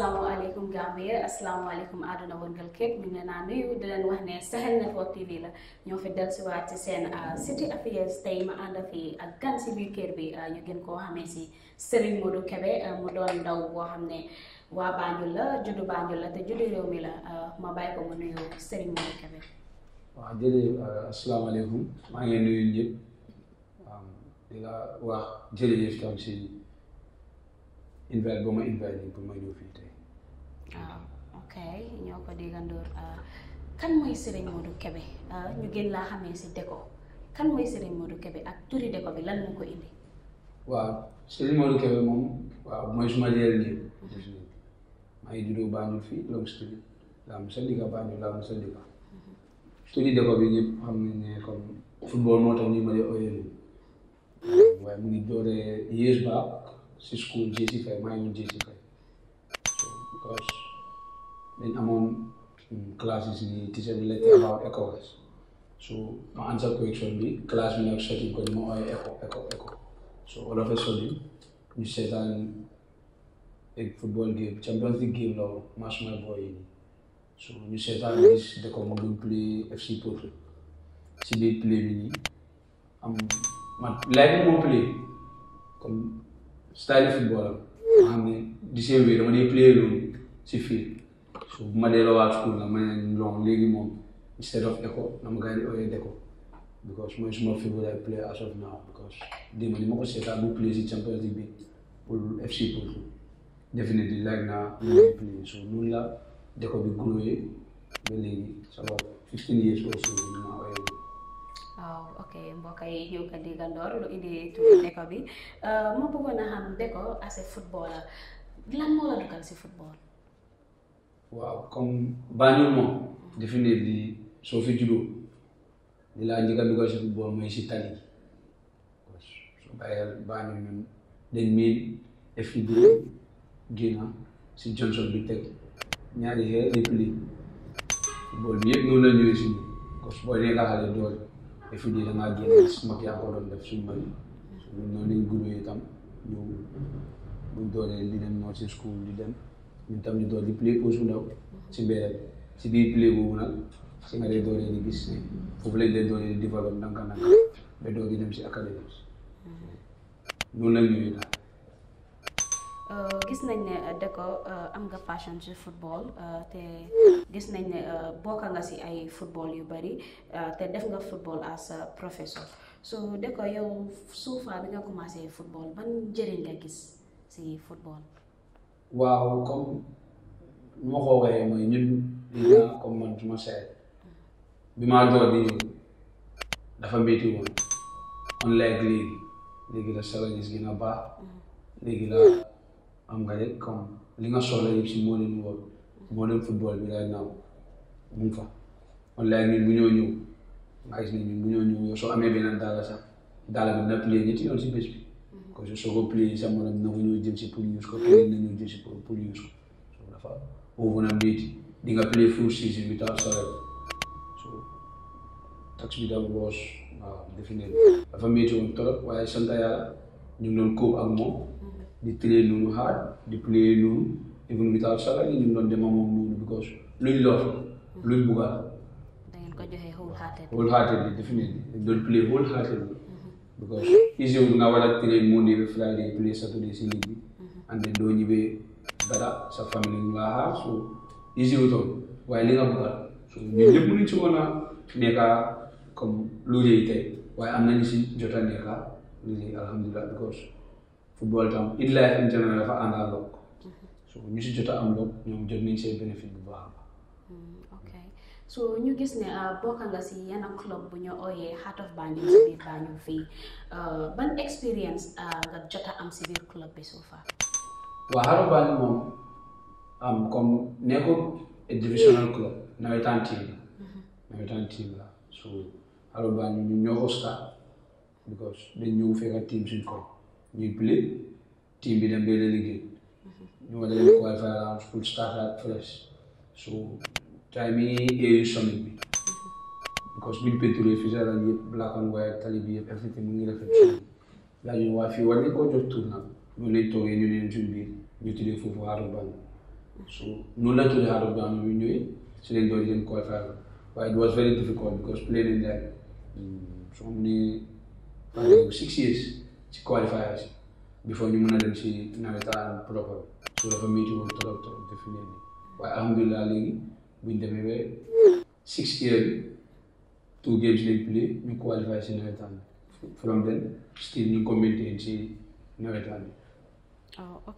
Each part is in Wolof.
asalaamaaleykum Gambia asalaamaaleykum àdduna wërngal képp ñu ngi leen nuyu di leen wax ne Sahel Network la ñoo fi dellusiwaat ci seen ah, city affairs tey ma ànd fi ak gan si biir ah, gën koo xamee si Serigne ah, mu doon ndaw boo xam ne waa Banjul juddu Banjul te juddu réew ma bàyyi ko mu nuyu Serigne Modou Kebe. waaw jërëjëf asalaamaaleykum maa ngi nuyu ñëpp di la wax jërëjëf tam si. invite ba ma invite pour ma ñëw fii tey. waaw ah, ok ñoo ko déggandoor ah, kan mooy Serigne Modou Kebe ah, ñu gën laa xamee si Déco kan mooy Serigne Modou Kebe ak turi Déco bi lan moo ko indi. waaw Serigne Modou Kebe moom waaw mooy suma réel nii. maa ngi juddoo Banjul fii loolu studio laa mu sa digga Banjul laa mu sa digga. studio Déco bi ñëpp xam nañ ne comme football moo tax ñu ma di oyee waaye mu ngi dooree years ba si school JC5 maa ngi woon JC5 so because dañ amoon classes mm, ni teacher bi lañ about ECOWAS so ma answer question bi classe bi nag setting ko ñu ma so all of a sudden ñu e football game Champions game la woon match my e boy yi so ñu seetaan gis e de ko mu doon play FC Porto si biir play bi nii am ma like moo style football am nga xam ne lycée bi dama loolu si fii su bu ma delloo waat school la ma ne non léegi instead of école dama gars yi di ooyee déco because mooy suma favorite play as of now because démb ni ma ko seetaan bu play si Champions League bi pour FC pour definitely like naa play so noonu la déco bi growee ba léegi ça va fifteen years aussi ma ooyee ok mbokk yi ñoo ko diggandoor lu indi tuuti bi euh, ma bëggoon a xam Beko assez footballeur lan moo la dugal si football. waaw comme Banjul moom. defe soo fi juddoo li laa njëkk a dugal si football mooy si tali soo bàyyee Banjul ñun dañ miin FID Guinée si Johnson bi teg ñaari xeer lépp lii football bi yëpp noonu la si ñun parce que boo xale doole. defe nii da ngaa génn su mag yaa ko doon def suñu bëri ñun noonu lañ gubee itam ñu buñ doolee li dem noonu si di dem ñun tam ñu doon di play pause bu ndaw si be si biir play boobu nag si nga dee doolee di gis foofu lañ de doolee di développé ndànk-ndànk ba doo di dem si académie ah. noonu la ñuy daal Euh, gis nañ ne euh, Déco euh, am nga passion ci football te gis nañ ne bokk nga ci ay football yu bari te def nga football as professeur so Déco yow suufa bi nga commencé football ban njëriñ nga gis si football. waaw comme nu ko waxee mooy ñun dina comme man su ma seet bi maa door di léegi la solo gis gën a baax léegi la. am nga rek comme li nga soxla yëpp si modern world modern football bi right now mu fa online ñun bu ñoo ñëw nga gis ne ñun bu ñoo ñëw yow soo amee beneen daala sax daala bi na play ñetti yoon si bés bi parce que soo ko play sax na ko ñëw jël si pour use ko play na ñëw jël si pour pour use ko so dafa overnight di nga play full season without salaire so tax bi daal boos waaw defe naa dafa métti woon trop waaye sant yàlla ñu ngi doon kóob ak moom di play loolu hard di play loolu even without salary ñu doon dem moom loolu because luñ lor luñ bugga ko joxe wholeheartedly. wholeheartedly definitely don't play wholeheartedly. Mm-hmm. because easy nga war a play Monday ba Friday play Saturday si ligue bi. and then doo ñibbee dara sa famille nga xaar so easy wutoon waaye li nga bëgg so ñun ñëpp mënuñ ci woon a nekka comme lu rëy tey waaye am nañu si jot a nekka lu rëy alhamdulilah football tam Idlaay in général dafa ànd ak so ñu si jot am log ñoom jot nañ seen bénéfice bu baax a hmm, baax ok so ñu gis ne ah, bokk nga si yenn club bu ñu ooyee Heart of Banjul si biir Banjul fii ah, ah, a divisional club nawetaan team la mm-hmm. nawetaan team la so Heart of Banjul ñu ñoo hosta because dañ ñëw fekk team suñ ko ñuy play team bi dem benn liggéey mhm. ñu war a dem qualify round full start at fresh so time yi AU summit bi mhm. because buñ pétrole Fitzgerald yëpp black and white tali bi yëpp everything mu ngi rafet laa ñu waa fii war nañ koo jox tour nag loolu lañ toogee ñu neen suñ biir ñu tuddee foofu Heart of Banjul so noonu la tuddee Heart of Banjul ñu ñëwee si lañ doon dem qualify waaye it was very difficult because playing in that mm, so many six years ci qualifiers before ñu mën a dem ci nawetaan proper su dafa métti woon trop trop definir ni waaye alhamdulilah léegi buñ demee ba six years bi two games lañ play ñu qualifier si nawetaan bi from then still ñu ko maintain ci nawetaan bi oh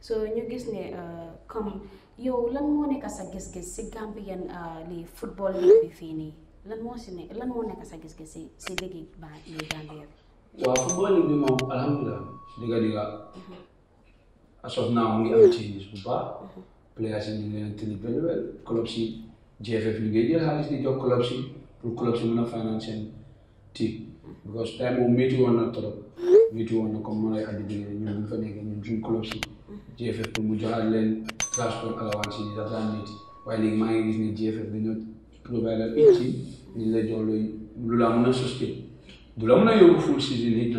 so ñu gis ne uh, comme yow lan moo nekk sa gis-gis si Gambian uh, li football bi fii nii lan moo si ne lan moo nekk sa gis-gis si si liggéey ba Gambia bi waaw footballing bi moom alhamdulilah. diga diga asof naa mu ngi am ci bu baax. players yi ñu ngi leen tëli bëriwel club si GFF ñu ngi jël xaalis di jox pour club si mën a finance seen team. because time boobu métti woon na trop métti woon na comme mooy addu bi ñun ñu fa nekk ñun suñu club si GFF pour mu joxaat leen transport allowance yi dafa daan métti waaye léegi maa ngi gis ne GFF dañoo provide ak mhm. team ñu la jox lu la mën a du la mën a yóbbu full season yi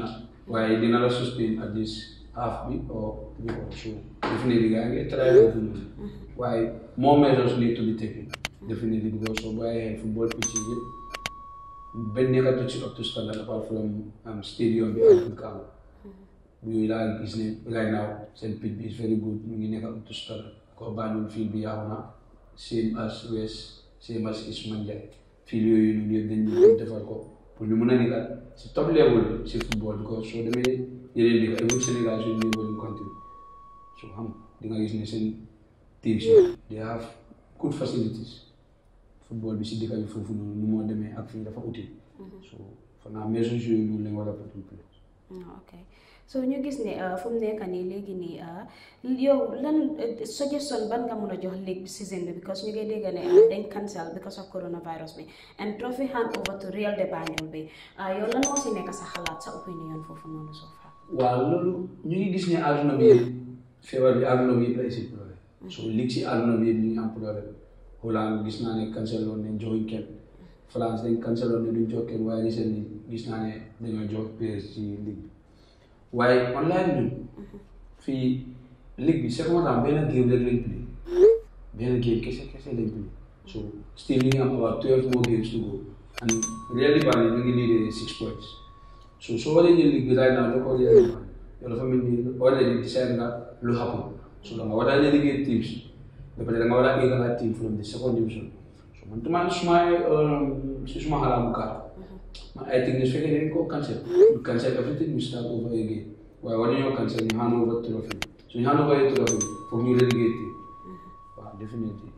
waaye dina la sustain at least half bi or three or so definitely gaa ngi try implement mm-hmm. waaye more measures need to be taken definitely because soo bàyyee football pitch yi yëpp benn nekkatu ci up to standard apart from um, stadium bi ak kaaw mm-hmm. yooyu laa gis ne right now seen pitch bi is very good mu ngi nekk up to standard ko Banjul field bi yaaw na same as West same as East Mandjai field yooyu noonu yëpp dañ mm-hmm. defar ko pour ñu mën a nekk si top level si football bi soo demee yeneen ligue ay wut Sénégal suñu niveau ñu continue so xam di nga gis ne seen teams yi they have good facilities football bi si dëkk bi foofu noonu nu moo demee ak fii dafa uti mm-hmm. so fanaa maison joué loolu lañ war a so ñu gis ne uh, fu mu nekk nii léegi nii uh, yow lan uh, suggestion ban nga mun a jox léegi season bi because ñu ngi dégg ne dañ cancel because of coronavirus bi and trophy hand over to de si xalaat sa opinion foofu ñu ngi gis ne àdduna bi feebar bi àdduna bi yëpp ay si problème mm-hmm. so lig si àdduna bi yëpp ñu ngi gis naa ne cancel lool nañ joxuñ kenn France dañ cancel woon ne duñ jox kenn waaye recently gis naa ne dañoo jox PS ci ligue Why online ñun fii ligue bi chaque matin benn game rek lañ play benn game kese kese lañ play so still ñu ngi am about twelve more games to go and really bari ñu ngi lead six points so soo waree jël ligue bi right now loo ko really bari yow dafa mel ni already decide nga lu happen so da nga war a relegate teams ba pare da nga war a égal team from the second division انتم معلش معي شو اسمه على مكار I think this figure didn't go cancel. You cancel everything, you start over again. Why when you cancel, you hand over to Rafi. So ni you hand over to Rafi for me relegating. Wow, definitely.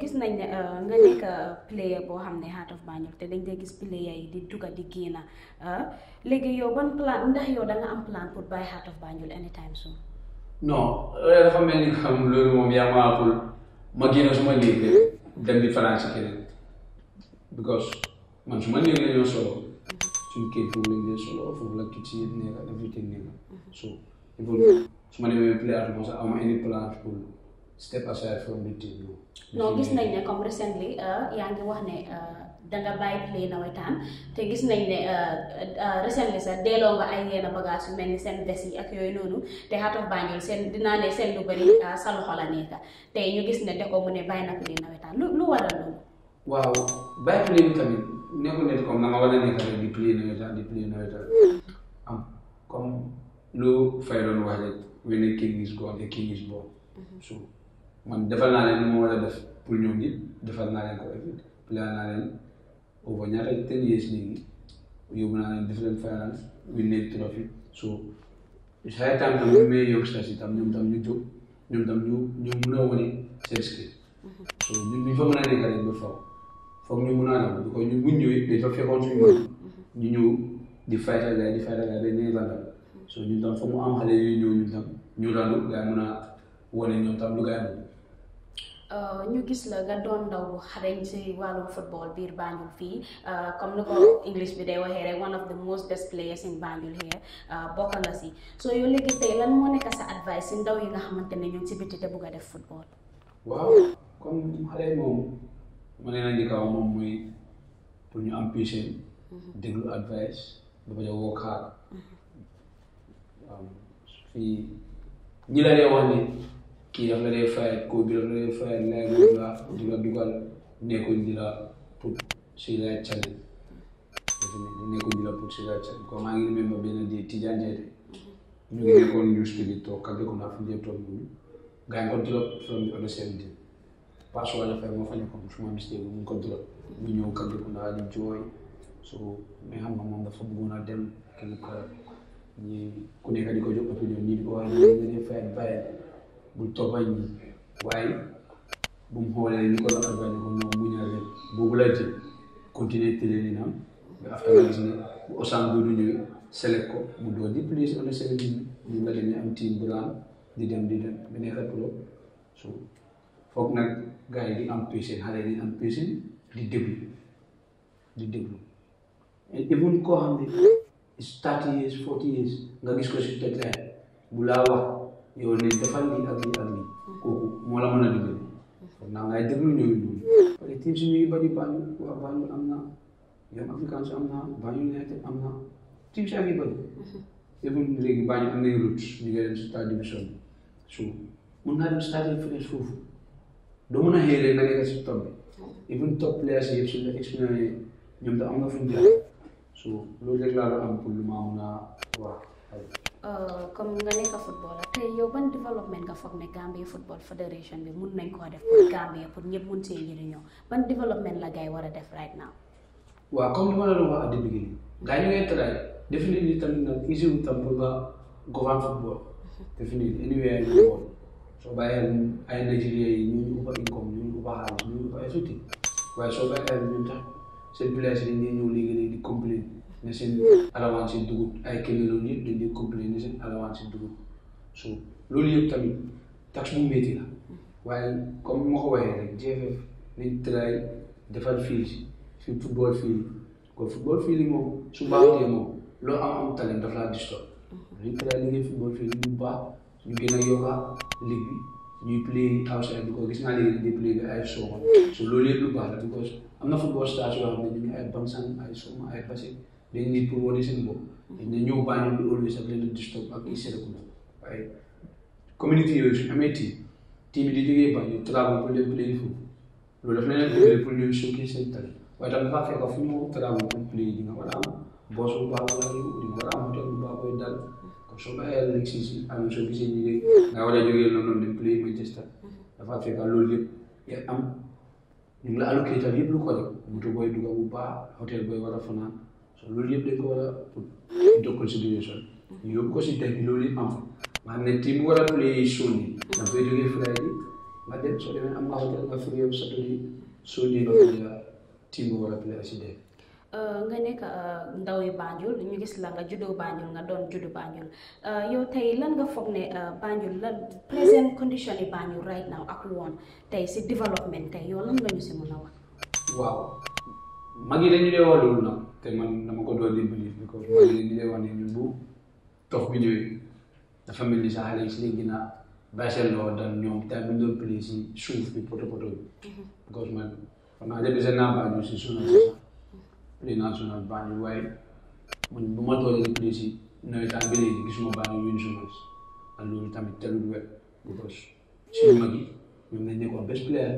gis nañ ne nga ka player boo ham ne Heart of Banjul te deng dee gis player yi ya, di dugga di génna eh, léegi yow ban plan ndax yo da am plan pour buy Heart of Banjul anytime soon. non dafa mel kam xam loolu moom yaa ma appul ma génn suma liggéey dem di fanaan si keneen because man su ma néeg la ñoo solo suñ kër foofu lañ dee solo foofu la kitchen nekk everything nekk so il faut su ma demee play at moom sax awma any plan pour step aside from the team lu gis nañ ne comme recently euh, yaa ngi wax ne euh, danga bàyyi play nawetaan te gis nañ ne euh, recently sax delloo nga ay yenn bagage mel ni seen des yi ak yooyu noonu te Heart of Banjul seen te ñu gis ne Dekko mu ne bàyyi na play nawetaan lu lu waral loolu waaw bàyyi play bi tamit nekkul ne comme dama war a nekk rek di play nawetaan di play nawetaan hmm. am comme lu fay doon wax rek when king is gone king is born hmm. man defal naa leen li ma war a def pour ñoom it defal naa leen ko équipe pilaa naa leen over ñaata ten years léegi yóbbu naa leen different finals winne trophy so xëy tam tam ñu may yokk si tam ñoom tam ñu jóg ñoom tam ñu ñu mun a wane seen skill so ñun bi fa mën a nekkal ba faw foog ñu mun a am parce que ñu buñ ñëwee dafa fekkoon suñu mën ñu ñëw di fayta gaay di fayta gaay dañuy randal so ñun tam foog mu am xale yu ñëw ñun tam ñu randu gaay mun a wane ñoom tam lu gaay Euh, ñu gis la nga doon ndaw bu xarañ si wàllum football biir Banjul fii euh, comme ni ko mm-hmm. English bi day waxee rek one of the most best players in Banjul here euh, bokk si soo yow léegi tey lan moo nekk sa advice si ndaw yi nga xamante ne ñu ngi si biti te bugg a def football. waaw comme xale yi moom ma ne la njëkk a moom mooy pour ñu am patience. Mm-hmm. déglu advice ba bañ a work mm-hmm. um, fii ñi la dee kii daf la dee fayal koo bi daf la dee fayal di la dugal nekkoon di la pour suy la cali nekkoon di la pour suy la cali comme maa ngi remember benn di Tidiane Dieng ñu di toog kàddu ko naa fi ñu toog ñu gaa ngi ko drop from the other side di parce moo fa nekkoon suma mistake mu ko drop ñu ñëw kàddu ko naa jooy so mais xam nga moom dafa bëggoon a dem kenn ku nekk di ko jox opinion ñii di ko wax ñu ne fayal bàyyi bul toppa ñi waaye bu mu xoolee ni ko la advani ko moom mu ñëwee boobu lay jël continuer télé ni naam nga aftermatine bu osaan bu du ñëwee select ko mu doon di place on the seventeen ñu nga dem am team bu di dem di dem ba nekka pro so foog nag gars yi di am patience xale di am patience di déglu di déglu et even koo xam ne thirty years forty years nga gis ko si tëdd bu laa wax yow ne defal lii ak lii ak lii kooku moo la mën a dimbali kon naa ngay déglu ñooñu ñooñu parce que team si ñu ngi bëri Banjul waa Banjul am na yow Africans am na Banjul United am na team si ak yu bëri even léegi Banjul am na route ñu ngi dem si third division bi so mun naa dem starting finish foofu doo mën a xëy na si top even top players yëpp suñu expérience ñoom da am na fu ñu so loolu rek laa doon am pour lu ma mun a Euh, comme nga nekk football te yow ban développement nga foog ne Gambia Football Federation bi mun nañ koo def pour Gambia pour ñëpp mun see jëriñoo la gars yi a def right now. waaw comme ñu ni tamit bi tam pour nga govern football defe nañu anywhere in soo bàyyee ay Nigeria yi ñu ngi ubba income ñu ngi ay suuti waaye soo bàyyee ñun tax seen village yi ñu ñëw léegi di complain ne seen alawaan si dugub ay Cameroun yëpp dañuy compléter ne seen alawaan si dugub so loolu yëpp tamit tax bu métti la waaye comme ma ko waxee rek GFF nañ try defal field fi football field kon football field yi moom su baaxutee moom loo am am talent daf laa distort nañ try liggéey football field bu baax ñu gën a yokka ligue bi ñuy play outside bi ko gis naa léegi di play bi ay sooma so loolu yëpp lu baax la because am na football stars yoo xam ne ñu ngi ay Bangsang ay sooma ay Basse dañ nit pour wane seen bopp. dañ ne ñëw baal ñu always ak leen disturb ak iseeku na waaye communauté yooyu suñu amee team di jógee ba ñu travel pour dem play foot loolu daf leen leen pour ñu showcase seen talent waaye tam dafa fekk fu ñu travel pour play di nga war a am boos bu baax booy dal comme am soo gisee ñu ne nga war a la alloqué tam booy dugg bu baax hôtel booy war a loolu yëpp dañ ko war a jox ko si technique loolu a play Sony da koy jógee nga dem soo am nga la euh, nga nekk euh, ndaw yi Banjul ñu gis la nga juddoo nga doon juddu Banjul euh, yow tey lan nga foog ne Banjul la present yi Banjul right tey si développement tey yow lan nga ñu si mën a wax waaw mag yi dañu dee wax loolu nag te man dama ko doon di believe because mag yi dañu dee wax ne ñun bu toog bi ñëwee dafa sa xale si lañ gën a bàyyi loo daan ñoom time bi ñu doon play suuf bi poto poto bi because man xam naa jënd seen naa Banjul si suuna play national Banjul waaye man bu ma toogee play si nawetaan bi léegi gisuma Banjul win suuna ak loolu tamit telul wet because suñu mag yi ñoom dañ nekkoon best player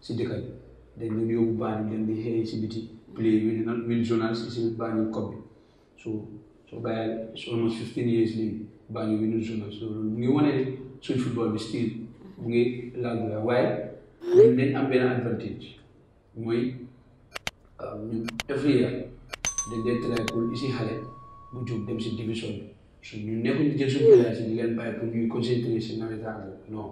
si dëkk bi dañ leen yóbbu baañ leen di xëy si biti play will will journalist si baañu COP so so gars almost fifteen years léegi baañu will journalist loolu mu ngi wane ne suñ football bi still mu ngi laaj la waaye ñun dañ am benn advantage mooy um, every year dañ leen try pour isi xale bu jóg dem si division bi su ñu nekkuñu jël suñu si di leen bàyyi pour ñuy concentrer si nawetaan non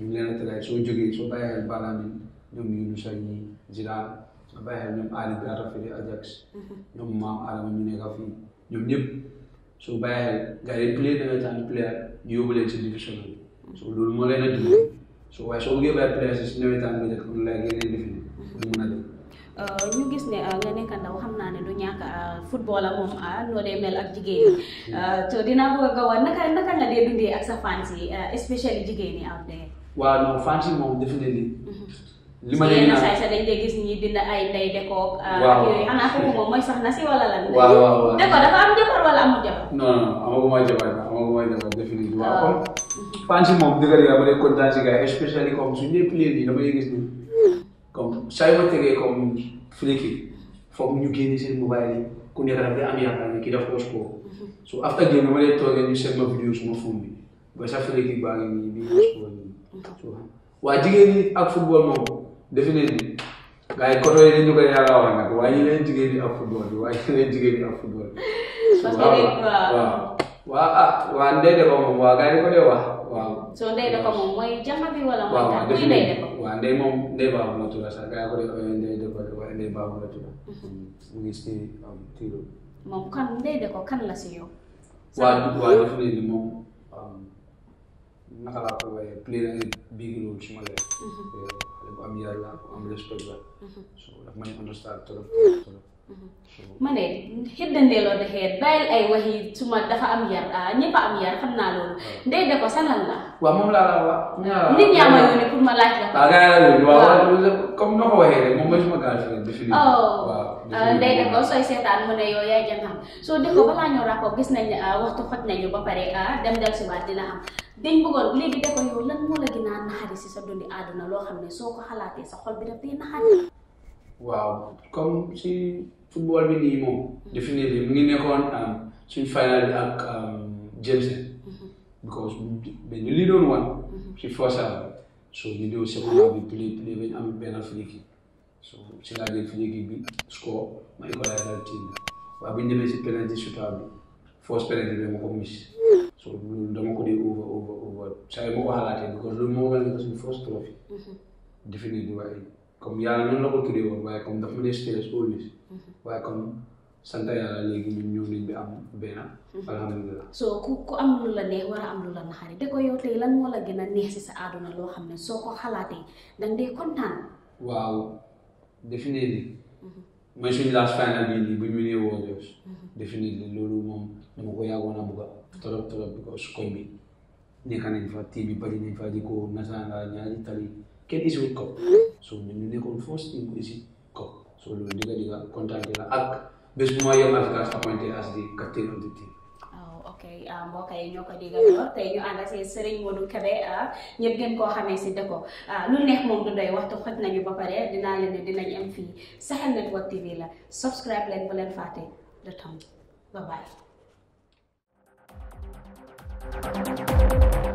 ñu leen a try soo jógee soo bàyyee balaa bi ñoom Younousa ñi Zidane bàyyi xel ñoom Ali Biata fii di Ajax ñoom maam ñu nekk fii ñoom nga a euh, ne euh, nga nekk naa ne du euh, football la moom noo dee mel ak jigéen ñi dinaa bëgg nga wax naka naka dee dundee ak sa fans especially jigéen ñi out waaw non fans moom defe li ma leen say sa dañ dee gis ñi dina ay ndey dekook ah, ak yooyu xanaa kooku moom mooy soxna si wala lan. waaw waaw waaw deko dafa am jabar wala amul jabar. non non amaguma jabar amaguma jabar définitivement. waaw ah. kon Fancy moom dëgër yi dama lay kontaan si gars yi especially comme suñu ñëpp leen yi dama lay gis nii comme saa yu ma tegee comme flic yi foog ñu génne seen mobile yi ku nekk daf day am yaakaar ne kii daf ko score so after game dama lay toogee ñu seet ma vidéo suma phone bi ba sa flic yi baa ngi nii bii score nii waaw jigéen ñi ak football moom défilé bi gars yi koto yi ñu koy yàlla wax nag waaye ñu leen jigéen ñi ak football bi waaye ñu leen jigéen ñi ak football bi. parce que waaw waaw ah waaw ndey dafa moom waaw gars yi ko dee wax waaw. soo ndey dafa moom mooy jama bi wala mooy. waaw ndey dafa waaw ndey moom ndey baabu la tudd sax gars yi ko dee ndey dafa waaye ndey baabu la tudd. Mm-hmm. mu ngi si tiro. moom kan ndey dafa kan la si yow. waaw waaw défilé bi moom naka laa ko waxee play na big role suma leen. ambiarla, es So, I'm todo. Mm-hmm. ma ne xiddandeeloo dexee bàyyil ay waxi suma dafa am yar ah ñëpp a am yar xam naa loolu mm-hmm. ndey de ko sanal la. waaw moom laa la wax pour ma la. Ah, ko waxee rek moom oh. ah, ko sooy mm-hmm. ah, waxtu xoj nañu ba pare dem del si waat dina xam dañ bëggoon léegi de ko yow lan moo la gën a si sa dundi àdduna loo xam ne soo ko xalaatee sa xol bi daf dee naxari waaw comme si football bi nii moom. definitely mu ngi nekkoon um, suñ final bi um, mm-hmm. because ben doon wan. si first half so ñu second bi play play ba ñu am benn flick so si laa jël flick bi score ma equaliser team bi waaye si penalty shootout bi first penalty bi ma miss so loolu dama ko dee over over over saa yi ma because loolu moo waral ne ko suñu first trophy. Mm-hmm. definitely comme yàlla noonu la ko tuddee waaye comme dafa dee stress always waaye comme sant yàlla léegi ñun ñëw nañ bi am benn alhamdulilah soo ku am lu la neex war a am lu la naxari de ko yow tey lan moo la gën a neex si sa àdduna loo xam ne soo ko xalaatee danga dee kontaan waaw definitely mooy suñu last final definitely loolu moom dama ko yàggoon a bugga torop torop because koñ bi nekk nañ fa tii bari nañ fa di ko nasaraan ñaari tali ken isi wit kop so min ne kon first team isi kop so lu diga diga kontak diga ak bes mo yam afrika appointed as the captain of the team oh, okay mbokk yi ñoo ko déggandoo tey ñu ànd ak sëriñ Modou Kébé ñëpp gën koo xamee si dëkko lu neex moom du doy waxtu xoj nañu ba pare dinaa leen ne dinañ am fii Sahel Network TV la subscribe leen bu leen fàtte temps bye bye